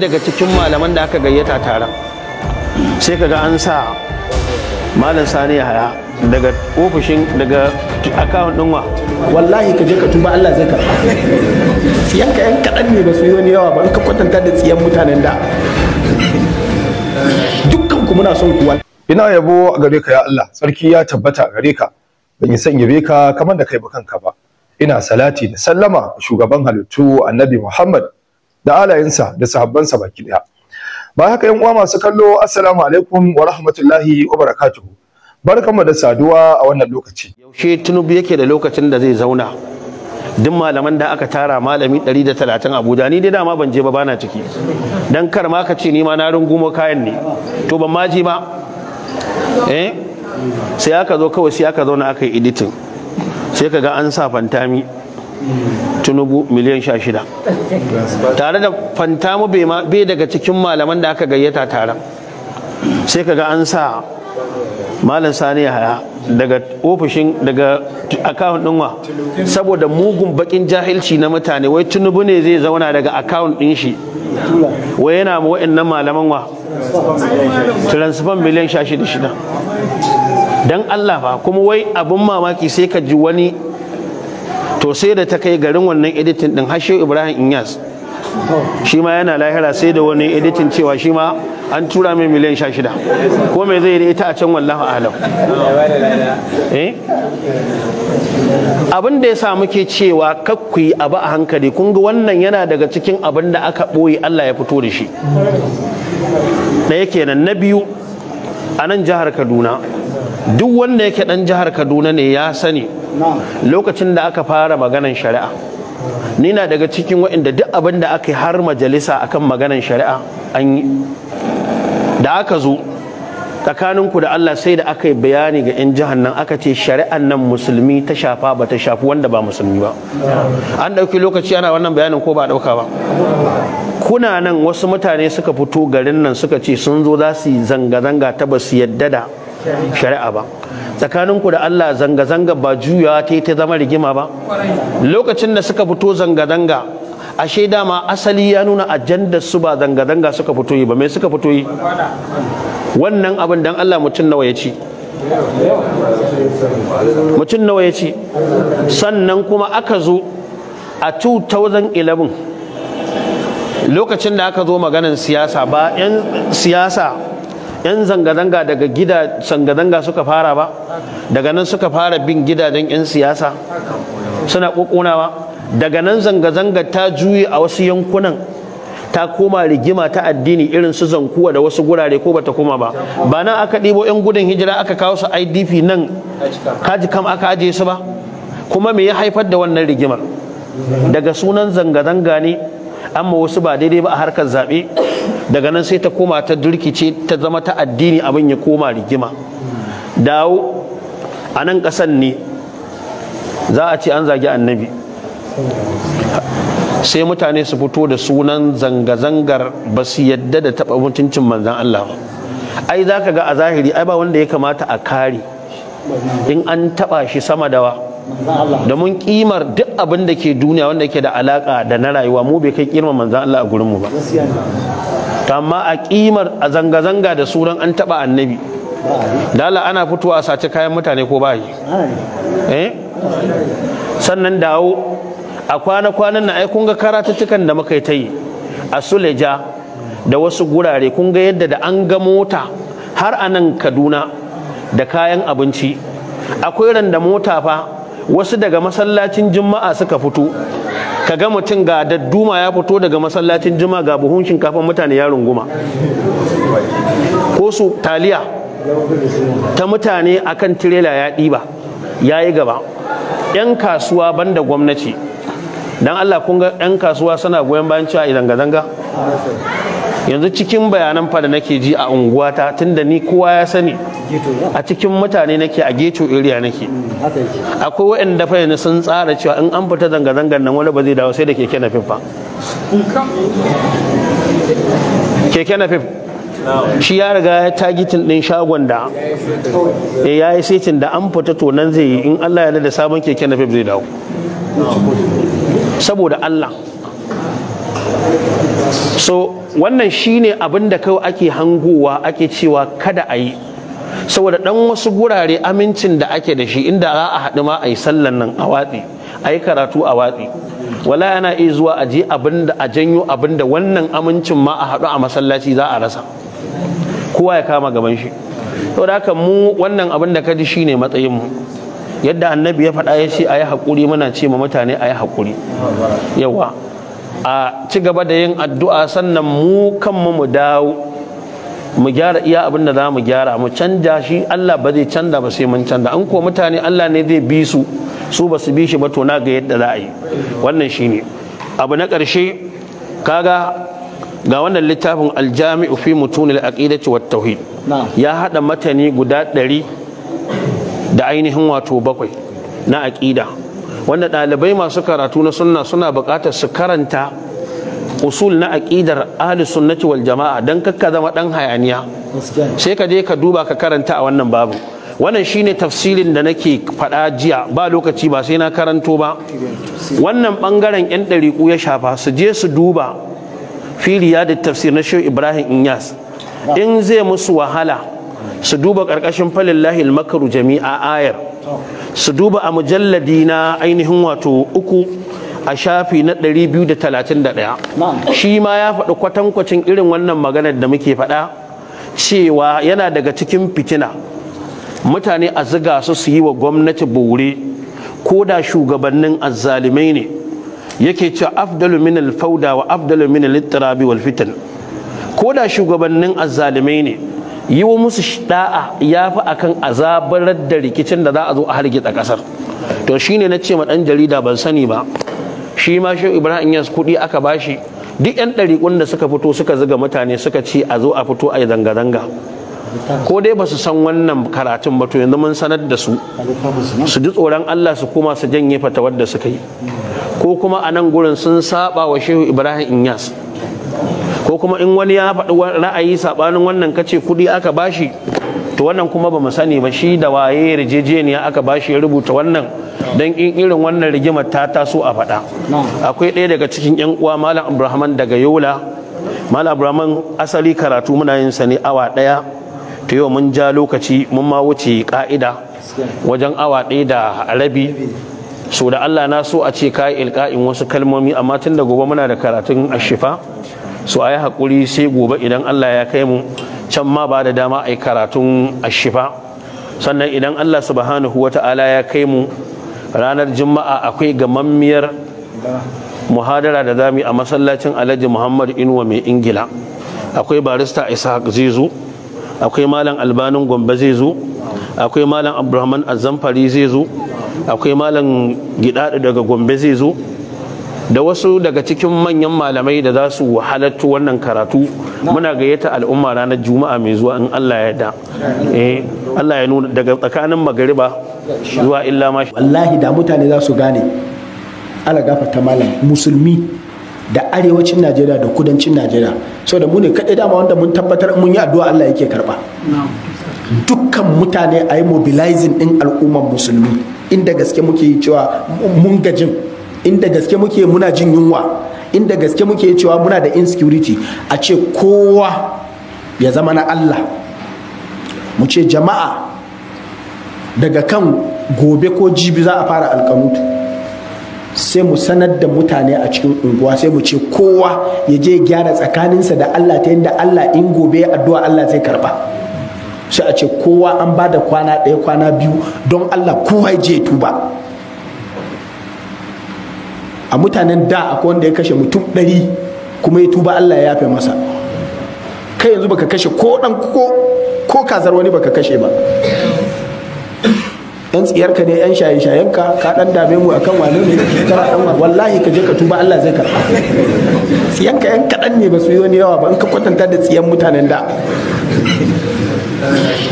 daga cikin malaman da aka gayyata taron sai kaga an sa malam sani haya daga ofishin daga akawun din wa wallahi ka je ka tuba Allah zai karba siyan ka yan kadan ne ba su yi wani yawa ba in ka kwatanta da tsiyan mutanen da dukkan ku muna son kuwa ina yabo gare ka ya Allah sarki ya tabbata gare ka ban yi son yabe ka kamar da kai ba kanka ba ina salati da sallama shugaban halittu annabi Muhammad da alayensa da sahabbansa baki daya ba haka yan uwa masu kallo assalamu alaikum wa rahmatullahi wa barakatuhu barkamu da saduwa a wannan lokaci yaushe tunubu yake da lokacin da zai zauna duk malaman da aka tara malami 130 Abuja ni dai dama ban je ba bana ciki dan kar ma kace ce ni ma na rungumo kayan ne to ban ma je ba eh sai aka zo kawai sai aka zauna aka yi editing sai ka ga an sa fantami tunubu miliyan sha shida tare da fanta mu bai daga cikin malaman da aka gayyata tare sai kaga an sa malam sani haya daga ofishin daga akawun wa. saboda mugun bakin jahilci na mutane wai tunubu ne zai zauna daga akawun ɗin shi wai yana ma wa'annan malaman wa transfer miliyan sha shida shida don allah fa kuma wai abin mamaki sai ka ji wani to sai da ta kai garin wannan editin din hashe ibrahim inyas shi ma yana lahira sai da wani editin cewa shi ma an tura mai miliyan sha shida ko mai zai da ita a can wallahu alam eh? abin da ya sa muke cewa kakkuyi abu a hankali kun ga wannan yana daga cikin abin da aka ɓoye allah ya fito da shi ɗaya kenan na biyu a nan jihar kaduna duk wanda yake dan jihar kaduna ne ya sani lokacin da aka fara maganan shari'a ni daga cikin waɗanda duk abin da aka yi har majalisa akan maganan shari'a an yi da aka zo tsakaninku da Allah sai da aka yi bayani ga 'yan jihar nan aka ce shari'an nan musulmi ta shafa ba ta shafi wanda ba musulmi ba an ɗauki lokaci ana wannan bayanin ko ba ɗauka ba kuna nan wasu mutane suka fito garin nan suka ce sun zo za su yi zanga-zanga ta ba su yadda da shari'a ba tsakaninku da Allah zanga-zanga ba juyawa ta yi ta zama rigima ba lokacin da suka fito zanga-zanga ashe ma asali ya nuna ajandar su ba zanga-zanga suka fito yi ba mai suka fito yi wannan abin dan Allah mutum nawa ya ci mutum nawa ya ci sannan kuma aka zo a 2011 lokacin da aka zo maganin siyasa ba 'yan siyasa 'yan zanga-zanga daga gida zanga-zanga suka fara ba daga nan suka fara bin gidajen 'yan siyasa suna ba? daga nan zanga-zanga ta juyi a wasu yankunan ta koma rigima ta addini irin su zankuwa da wasu gurare ko bata koma ba ba nan aka ɗibo 'yan gudun hijira aka kawo su idp nan kaji kam aka aje su ba kuma me ya haifar da wannan rigimar daga sunan zanga-zanga ne amma wasu ba daidai ba a harkar zaɓe daga nan sai ta koma ta durkice ta zama ta addini abin ya koma rigima dawo a nan kasan ne za a ce an zagi annabi sai mutane su fito da sunan zanga-zangar ba su yadda da taɓa mutuncin manzan Allah ai za ka ga a zahiri ai ba wanda ya kamata a kare in an taɓa shi sama da wa kimar duk abin da ke duniya wanda ke da alaƙa da na rayuwa mu bai kai kirma manzan Allah a gurinmu ba to amma a kimar a zanga-zanga da suran an taba annabi dala ana fitowa a sace kayan mutane ko bayi eh? sannan dawo a kwana-kwanan na ai kun ga karatuttukan da muka yi ta yi a suleja da wasu gurare kun ga yadda da an ga mota har a nan kaduna da kayan abinci akwai randa mota fa wasu daga masallacin juma'a suka fito ka ga mutum ga dadduma ya fito daga masallacin jima ga buhun shinkafa mutane ya runguma ko su taliya ta mutane a kan tirela ya ɗiba ya yi gaba 'yan kasuwa banda gwamnati don allah kun ga 'yan kasuwa suna goyon bayan cewa zanga-zanga yanzu cikin bayanan fada nake ji a unguwata tunda ni kowa ya sani a cikin mutane nake a geto area nake mm, akwai waɗanda fa yanzu sun tsara cewa in an fita zanga-zangar nan wani ba zai dawo sai da keke nafif fa keke nafif shi ya riga ya tagitin din shagon da eh, ya yi setin da an fita to nan zai yi in Allah ya da sabon keke nafif zai dawo saboda Allah so wannan shine abin da kawai ake hangowa ake cewa kada a yi saboda dan wasu gurare amincin da ake da shi inda za a haɗu ma a yi sallan nan a watsi a yi karatu a watsi wala yana iya zuwa a je abin a janyo abinda wannan amincin ma a haɗu a masallaci za a rasa kowa ya kama gaban shi saboda haka mu wannan abin da ka ji shine matsayin mu yadda annabi ya faɗa ya ce a yi haƙuri muna ce ma mutane a yi haƙuri yawa a ci gaba da yin addu'a sannan mu kanmu mu dawo mu gyara iya abin da za mu gyara mu canja shi Allah ba zai canja ba sai mun canza an ko mutane Allah ne zai bi su su ba su bi shi ba to na ga yadda za a yi wannan shine abu na ƙarshe kaga ga wannan littafin aljami'u fi mutunil aqidati wat tauhid ya hada matani guda ɗari da ainihin wato bakwai na aƙida wanda ɗalibai masu karatu na sunna suna buƙatar su karanta usul na aƙidar ahli sunnati wal jama'a dan kakka zama ɗan hayaniya sai ka je ka duba ka karanta a wannan babu wannan shine tafsirin da nake faɗa jiya ba lokaci ba sai na karanto ba wannan ɓangaren 'yan ɗariƙu ya shafa su je su duba filiya da tafsir na shehu ibrahim inyas in zai musu wahala su duba ƙarƙashin lahil makaru jami'a ayar su duba a mujalladi na ainihin wato uku a shafi na 231 shi ma ya faɗi kwatankwacin irin wannan maganar da muke faɗa cewa yana daga cikin fitina mutane a ziga su su yi wa gwamnati bore ko da shugabannin azzalimai ne yake cewa afdalu min alfauda wa afdalu min alittirabi wal fitan ko da shugabannin azzalimai ne yi wa musu da'a ya fi a kan azabar da rikicin da za a zo a hargitsa kasar to shi ne na ce ma dan jarida ban sani ba shi ma shi ibrahim yas kuɗi aka ba shi duk yan ɗariƙun da suka fito suka zuga mutane suka ce a zo a fito a yi zanga-zanga ko dai ba su san wannan karatun ba to yanzu mun sanar da su su ji tsoron Allah su koma su janye fatawar da suka yi ko kuma a nan gurin sun saba wa shehu ibrahim inyas ko kuma in wani ya faɗi ra'ayi saɓanin wannan kace kuɗi aka bashi to wannan kuma ba mu sani ba shi da waye yarjejeniya aka bashi ya rubuta wannan dan in irin wannan rigimar ta taso a faɗa akwai ɗaya daga cikin yan uwa malam abrahaman daga yola malam abrahaman asali karatu muna yin sani awa ɗaya to yau mun ja lokaci mun ma wuce ka'ida wajen awa ɗaya da arabi? so da Allah na so a ce yi ilka'in wasu kalmomi amma tun da gobe muna da karatun ashifa su a yi haƙuri sai gobe idan Allah ya kai mu can ma ba da dama a yi karatun ashifa sannan idan Allah subhanahu wa ta'ala ya kai mu ranar juma'a akwai gamammiyar muhadara da zami a masallacin alhaji muhammad inuwa mai ingila akwai barista ishaq zizu akwai malam albanin gombe zai zo akwai malam abdulrahman azamfari zai akwai malam gida daga gombe zai zo da wasu daga cikin manyan malamai da za su halattu wannan karatu muna gayyata al'umma ranar juma'a mai zuwa in Allah ya da eh, Allah ya nuna daga tsakanin magariba zuwa illa ma wallahi da mutane za su gane ala gafarta malam musulmi da arewacin Najeriya da kudancin Najeriya da mu ne kaɗai dama wanda mun tabbatar mun yi addu'a Allah yake karba dukkan mutane a yi mobilizing ɗin al'ummar musulmi inda gaske muke cewa mun gajin inda gaske muke muna jin yunwa inda gaske muke cewa muna da insecurity a ce kowa ya zama na Allah mu ce jama'a daga kan gobe ko jibi za a fara alkanutu sai mu sanar da mutane a cikin unguwa sai mu ce kowa ya je gyara tsakaninsa da Allah ta yadda Allah in gobe addu'a Allah zai karba sai a ce kowa an ba da kwana ɗaya kwana biyu don Allah kowa ya je tuba a mutanen da akwai wanda ya kashe mutum ɗari kuma ya tuba Allah ya yafe masa kai yanzu baka kashe ko ɗan ko ko kazar wani baka kashe ba yan tsiyarka ne yan shaye shayenka ka ɗan dame mu akan wani ne tara dan wallahi ka je ka tuba Allah zai Tsiyan tsiyanka yan kaɗan ne ba su yi wani yawa ba in ka kwatanta da tsiyan mutanen da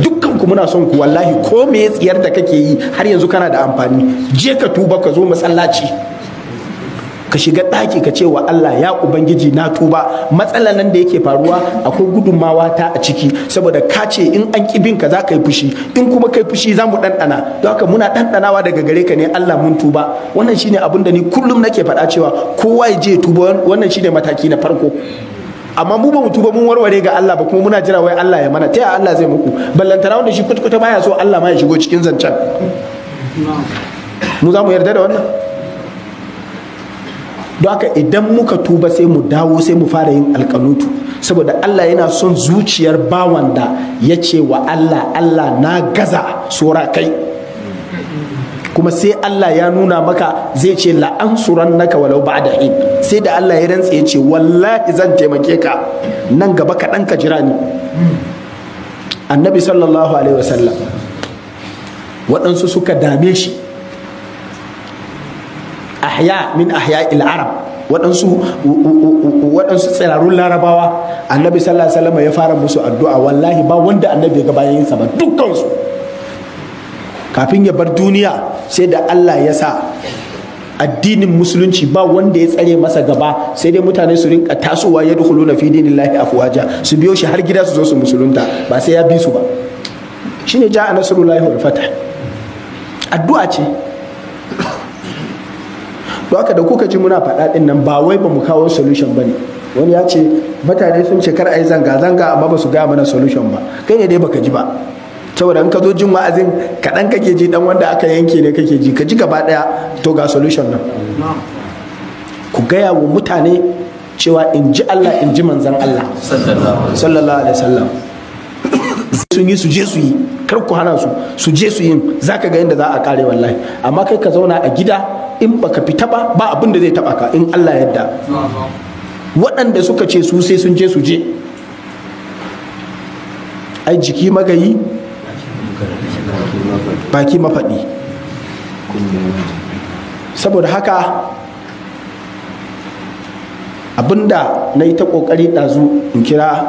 dukkan ku muna son ku wallahi ko me tsiyar da kake yi har yanzu kana da amfani je ka tuba ka zo masallaci ka shiga ɗaki ka ce wa Allah ya ubangiji na tuba matsalan nan da yake faruwa akwai gudunmawa ta a ciki saboda ka ce in an kibin ka za ka yi fushi in kuma kai fushi za mu ɗanɗana don haka muna ɗanɗanawa daga gare ka ne Allah mun tuba wannan shine abin da ni kullum nake faɗa cewa kowa ya je tuba wannan shine mataki na farko amma mu ba mu tuba mun warware ga Allah ba kuma muna jira wai Allah ya mana taya Allah zai muku ballantana wanda shi kutkuta baya so Allah ma ya shigo cikin zancen mu za mu yarda da wannan don haka idan muka tuba sai mu dawo sai mu fara yin alkanutu saboda Allah yana son zuciyar bawan da ya ce wa Allah Allah na gaza sora kai kuma sai Allah ya nuna maka zai ce la'an suran naka walau ba da in sai da Allah ya rantsa ya ce wallahi zan taimake ka nan gaba kaɗan ka jira ni annabi sallallahu alaihi wasallam waɗansu suka dame shi ahya min ahya arab waɗansu waɗansu tsirarun larabawa annabi sallallahu alaihi wasallam ya fara musu addu'a wallahi ba wanda annabi ga bayan yinsa ba dukkansu kafin ya bar duniya sai da Allah ya sa addinin musulunci ba wanda ya tsare masa gaba sai dai mutane su rinka tasowa ya dukulu na fi dinillahi afwaja su biyo shi har gida su zo su musulunta ba sai ya bi su ba shine ja'a nasrullahi wal fath addu'a ce don haka da kuka ji muna faɗa ɗin nan ba wai ba mu kawo solution ba ne wani ya ce mutane sun ce kar a yi zanga-zanga amma ba su gaya mana solution ba kai ne dai baka ji ba saboda in ka zo jin wa'azin kaɗan kake ji dan wanda aka yanke ne kake ji ka ji gaba ɗaya to ga solution nan ku gaya wa mutane cewa in ji Allah in ji manzan Allah sallallahu alaihi wasallam sun yi su je su yi kar ku hana su su je su yin zaka ga yadda za a kare wallahi amma kai ka zauna a gida in baka fita ba ba abin da zai taba ka in Allah yadda waɗanda suka ce su sai sun je su je ai jiki magayi baki mafaɗi saboda haka abinda na yi ta ƙoƙari ɗazu in kira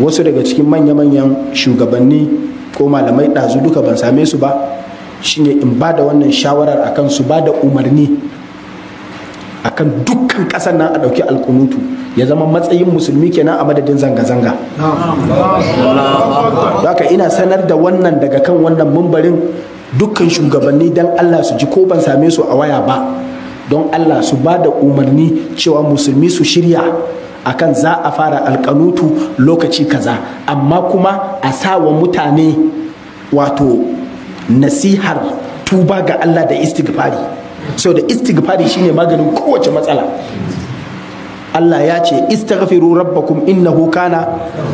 wasu daga cikin manya-manyan shugabanni ko malamai ɗazu duka ban same su ba shine in ba da wannan shawarar akan su ba da umarni akan dukkan kasar nan a ɗauki alkunutu ya zama matsayin musulmi kenan a madadin zanga-zanga haka ina sanar da wannan daga kan wannan mambarin dukkan shugabanni don allah su ji ko ban same su a waya ba don allah su ba da umarni cewa musulmi su shirya akan za a fara alkanutu lokaci kaza amma kuma a sa wa mutane wato nasihar tuba ga Allah da istighfari so da istighfari shine maganin kowace matsala Allah ya ce istaghfiru rabbakum innahu kana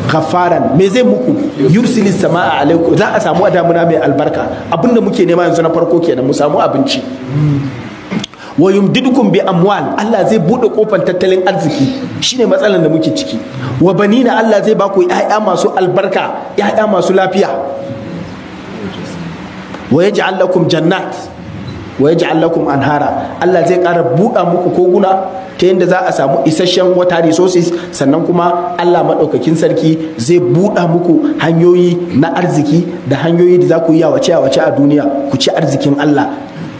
ghafaran me zai muku yursilis samaa alaikum za a samu adamuna mai albarka abinda muke nema yanzu na farko kenan mu samu abinci wa yumdidukum bi amwal Allah zai bude kofar tattalin arziki shine matsalar da muke ciki wa banina Allah zai ba ku ƴaƴa masu albarka ƴaƴa masu lafiya wa yaj'al lakum jannat wa yaj'al lakum anhara Allah zai ƙara buɗa muku koguna ta yadda za a samu isasshen wata resources sannan kuma Allah maɗaukakin sarki zai buɗa muku hanyoyi na arziki da hanyoyi da za ku yi wace wace a duniya ku ci arzikin Allah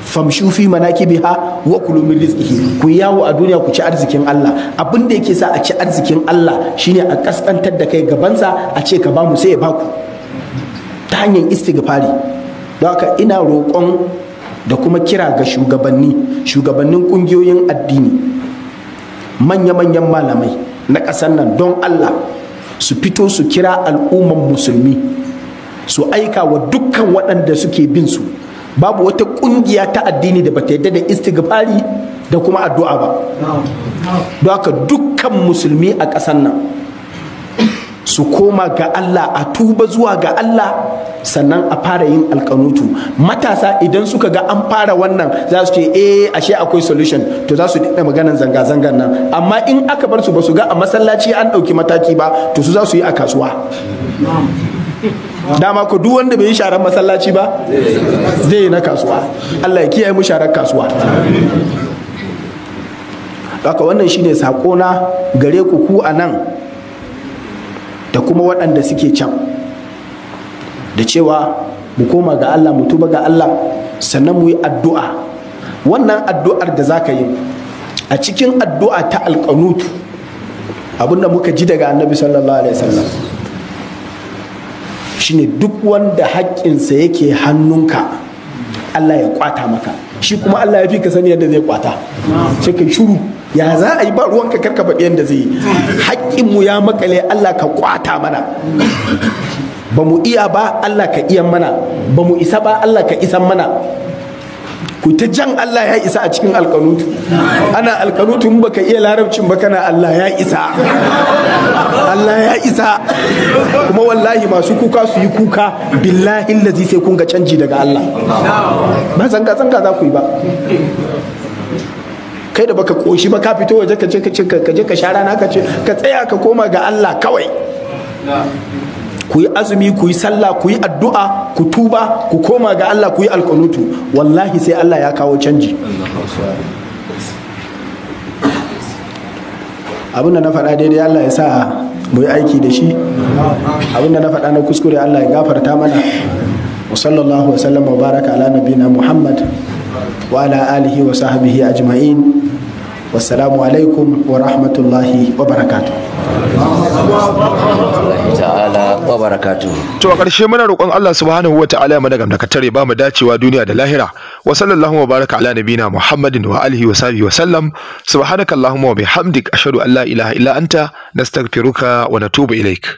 famshu fi biha wa kullu min rizqihi ku yawo a duniya ku ci arzikin Allah abin da yake sa a ci arzikin Allah shine a kaskantar da kai gabansa a ce ka ba mu sai ya baku ta hanyar istighfari don haka ina roƙon da kuma kira ga shugabanni shugabannin ƙungiyoyin addini manya-manyan malamai na ƙasar nan don allah su fito su kira al'umman musulmi su aika wa dukkan waɗanda suke bin su babu wata ƙungiya ta addini da bata yadda da istighfari da kuma addu'a ba don dukkan musulmi a ƙasar nan su koma ga Allah a tuba zuwa ga Allah sannan a fara yin alkanutu matasa idan suka ga an fara wannan za su ce eh ashe akwai solution to za su daɗa maganan zanga-zangan nan amma in aka bar su ba su ga a masallaci an ɗauki mataki ba to su za su yi a kasuwa dama ku duk wanda bai yi sharar masallaci ba zai yi na kasuwa Allah ya kiyaye mu sharar kasuwa haka wannan shine sakona gare ku ku a nan da kuma waɗanda suke can da cewa mu koma ga Allah mu tuba ga Allah sannan mu yi addu'a wannan addu'ar da za ka yi a cikin addu'a ta alƙanutu abinda muka ji daga annabi sallallahu alaihi wasallam shine duk wanda haƙƙinsa yake hannunka Allah ya kwata maka shi kuma Allah ya fi ka sani yadda zai kwata sai kai shuru ya za a yi ba ruwanka karka faɗi yadda zai yi haƙƙinmu ya makale Allah ka kwata mana ba mu iya ba Allah ka iya mana ba mu isa ba Allah ka isan mana ku ta jan Allah ya isa a cikin alkanutu ana alkanutu ba ka iya larabcin ba kana Allah ya isa isa kuma wallahi masu kuka su yi kuka billahi lazi sai kun ga canji daga Allah ba zanga zanga za ku yi ba kai da baka koshi ba ka fito waje ka je ka cika ka je ka sha rana ka ce ka tsaya ka koma ga Allah kawai ku yi azumi ku yi sallah ku yi addu'a ku tuba ku koma ga Allah ku yi alkanutu wallahi sai Allah ya kawo canji abin da na faɗa daidai Allah ya sa mu yi aiki da shi abinda na faɗa na kuskure Allah ya gafarta mana wa sallallahu wa baraka ala nabina Muhammad wa ala alihi wa sahbihi ajma'in Wasalamu alaikum wa rahmatullahi wa barakatu to a ƙarshe muna roƙon Allah subhanahu wa ta'ala ya madagam da tare ba mu dacewa duniya da lahira wa sallallahu wa baraka ala nabina muhammadin wa alihi wa sahbihi wa sallam subhanakallahumma wa bihamdik ashhadu an la ilaha illa anta nastaghfiruka wa natubu ilaik